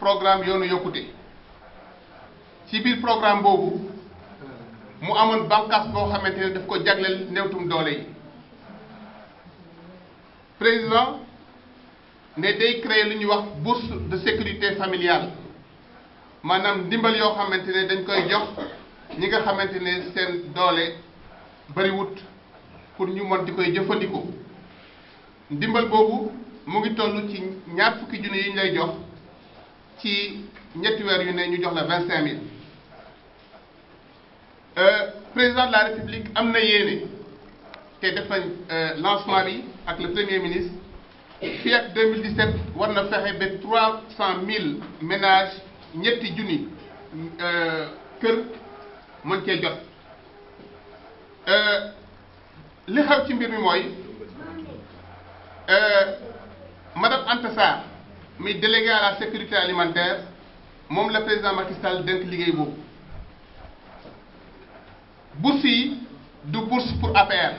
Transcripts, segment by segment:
programme yoonu yokkute ci biir programme boobu mu amoon bànqaas boo xamante ne daf ko jagleel néewtum doole yi président ne day créer lu ñuy wax bourse de sécurité familiale maanaam ndimbal yoo xamante ne dañ koy jox ñi nga xamante ne seen doole bariwut pour ñu di koy jëfandikoo ndimbal boobu mu ngi toll ci ñaar fukki junni yi ñu lay jox. ci ñetti weer yu ne ñu jox la vingt cinq mille euh, président de la république am na yéene te def nañ euh, lancement yi ak le premier ministre fii ak war na fexe ba trois cent mille ménages ñetti junni euh, kër mën cee jot li xew ci mbir mi mooy madame Anta muy délégué à la sécurité alimentaire moom la président Macky Sall dénk liggéey boobu bourse yi du bourse pour APR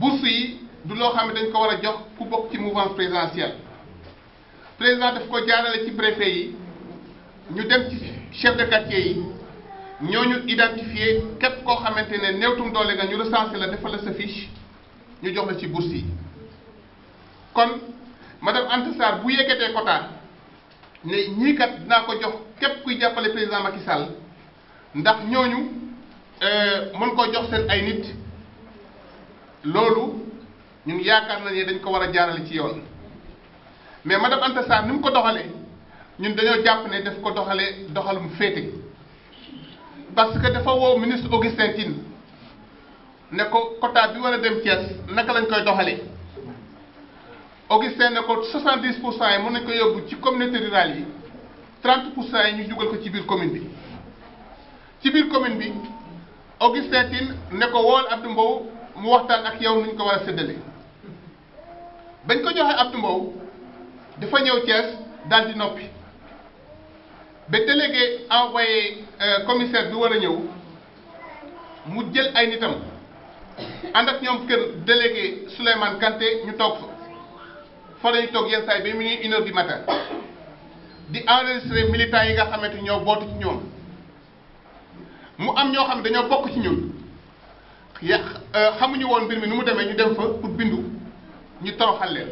bourse yi du loo xam ne dañ ko war a jox ku bokk ci mouvance présidentielle président daf ko jaarale ci préfet yi ñu dem ci chef de quartier yi ñooñu identifié képp koo xamante ne néewtum doole nga ñu recensé la defal la sa fiche ñu jox la ci bourse yi madame Anta Sarr bu yëkkatee quota ne ñii kat dinaa ko jox képp kuy jàppale président Macky Sall ndax ñooñu euh, mën koo jox seen ay nit loolu ñun yaakaar na ne dañ ko war a jaarale ci yoon mais madame Anta Sarr ni mu ko doxalee ñun dañoo jàpp ne def ko doxalee doxalum féete parce que dafa woo ministre Augustin ne ko quota bi war a dem Thiès naka lañ koy doxalee. Augustin ne ko 70 pour cent yi mën nañ ko yóbbu ci communauté rurale yi 30 pour cent yi ñu dugal ko ci biir commune bi ci biir commune bi Augustin Tine ne ko wool Abdou Mbow mu waxtaan ak yow nuñ ko war a séddale bañ ko joxee Abdou Mbow dafa ñëw Thiès daal di noppi ba délégué envoyé euh, commissaire bi war a ñëw mu jël ay nitam ànd ak ñoom kër délégué Souleymane Kanté ñu toog fa lay toog yenn saa yi ba minuit une heure du matin di enregistrer militants yi nga xamante ñoo bootu ci ñoom mu am ñoo xam ne dañoo bokk ci ñun ya euh, xamuñu woon mbir mi nu mu demee ñu dem fa pour bindu ñu toroxal leen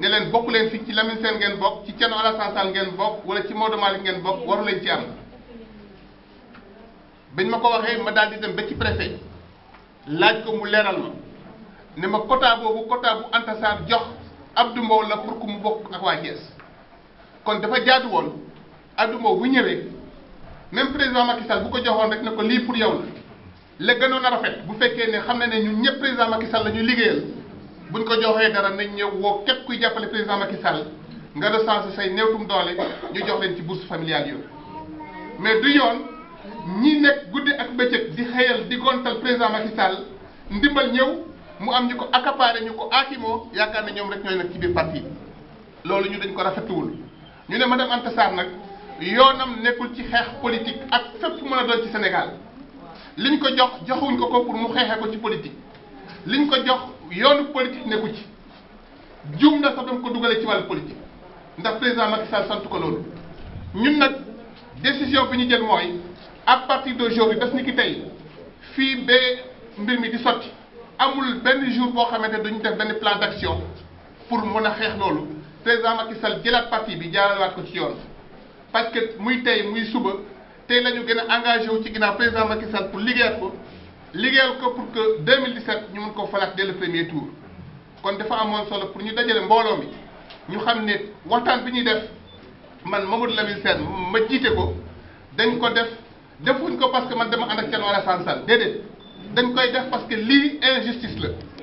ne leen bokk leen fii ci Lamine seen ngeen bokk ci Thierno Alassane Sall ngeen bokk wala ci Maodo Malick ngeen bokk waru leen ci am bañ ma ko waxee ma daal di dem ba ci préfet laaj ko mu leeral ma ne ma quota boobu quota bu Anta jox. Abdou Mbow la pour ku mu bokk ak waa Thiès kon dafa jaatu woon Abdou Mbow bu ñëwee même président Macky Sall bu ko joxoon rek ne ko lii pour yow la la gënoon a rafet bu fekkee ne xam ne ne ñu ñëpp président Macky Sall la ñuy liggéeyal buñ ko joxee dara nañ ñëw woo képp kuy jàppale président Macky Sall nga recensé say néewtum doole ñu jox leen ci bourse familiale yooyu mais du yoon ñi nekk guddi ak bëccëg di xëyal di gontal président Macky Sall ndimbal ñëw. mu am ñi ko accaparé ñu ko aakimoo yaakaar ne ñoom rek ñooy nag ci biir parti loolu ñu dañ ko rafetuwul ñu ne madame Anta Sarr nag yoonam nekkul ci xeex politique ak fépp mën a doon ci Sénégal liñ ko jox joxuñ ko ko pour mu xeexee ko ci li liñ ko jox yoonu politique nekku ci juum na sax dama ko dugalee ci wàllu politique ndax président Macky Sall sant ko loolu ñun nag décision bi ñu jël mooy de partir bi bés ni ki tey fii ba mbir mi di sotti amul benn jour boo xamante duñu def benn plan d'action pour mën a xeex loolu président Macky Sall jëlaat parti bi jaaralaat ko ci yoon parce muy tey muy suba tey la gën a engagé wu ci ginnaaw président Macky Sall pour liggéeyal ko liggéeyal ko pour que 2017 ñu mën ko falaat dès le tour kon dafa amoon solo pour ñu dajale mbooloo mi ñu xam ne waxtaan bi ñuy def man Mamadou Lamine Sène ma jiite ko dañ ko def defuñ ko parce que man dama ànd ak Thione dañ koy def parce que lii injustice la